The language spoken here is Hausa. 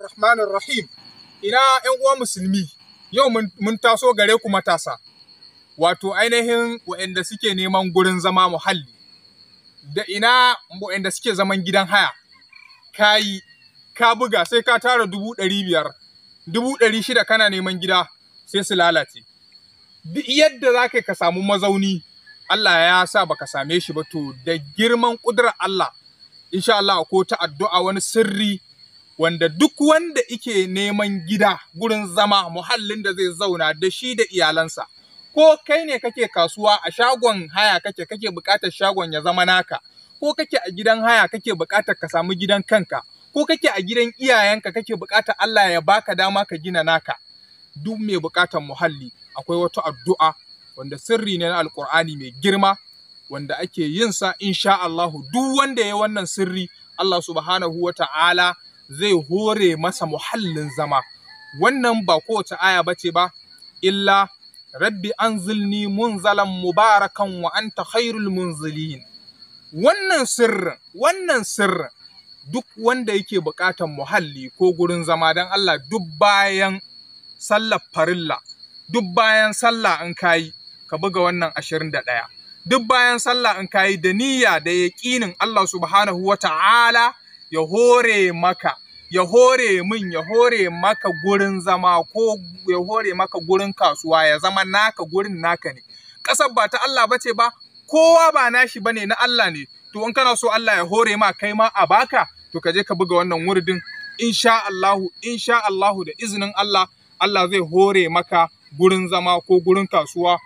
Rahmanir Rahim. Ina ‘yan uwa musulmi, yau mun taso gare ku matasa, wato ainihin waɗanda suke neman gurin zama muhalli, da ina waɗanda suke zaman gidan haya, kayi, ka buga sai ka tara dubu ɗari biyar, dubu ɗari shida kana neman gida sai su lalace. Duk yadda za ka samu mazauni, Allah ya sa baka same shi ba to da girman ƙudurar Allah, insha Allah ko ta addu'a wani sirri wanda duk wanda ike neman gida gurin zama muhallin da zai zauna da shi da iyalansa ko kai ne kake kasuwa a shagon haya kake kake bukatar shagon ya zama naka ko kake a gidan haya kake bukatar ka samu gidan kanka ko kake a gidan iyayenka kake bukatar Allah ya baka dama ka gina naka duk mai bukatar muhalli akwai wata addu'a wanda sirri ne na alƙur'ani mai girma wanda ake yin sa insha Allah duk wanda ya wannan sirri Allah subhanahu zai hore masa muhallin zama wannan ba kowace aya ce ba illa rabbi anzilni munzalan mubarakan wa anta khairul munzilin wannan sirrin wannan sirrin duk wanda yake buƙatar muhalli ko gurin zama don Allah duk bayan sallar farilla duk bayan sallah in kayi ka buga wannan ashirin da ɗaya duk bayan sallah in kayi da niyya da yaƙinin Allah subhanahu wa ta'ala ya hore maka ya hore min ya hore maka gurin zama ko ya hore maka gurin kasuwa ya zama naka gurin naka ne ƙasar ba ta Allah bace ba kowa ba nashi bane na Allah ne to in kana so Allah ya hore ma kai ma a baka to ka je ka buga wannan wurdin insha Allahu insha Allahu da izinin Allah Allah zai hore maka gurin zama ko gurin kasuwa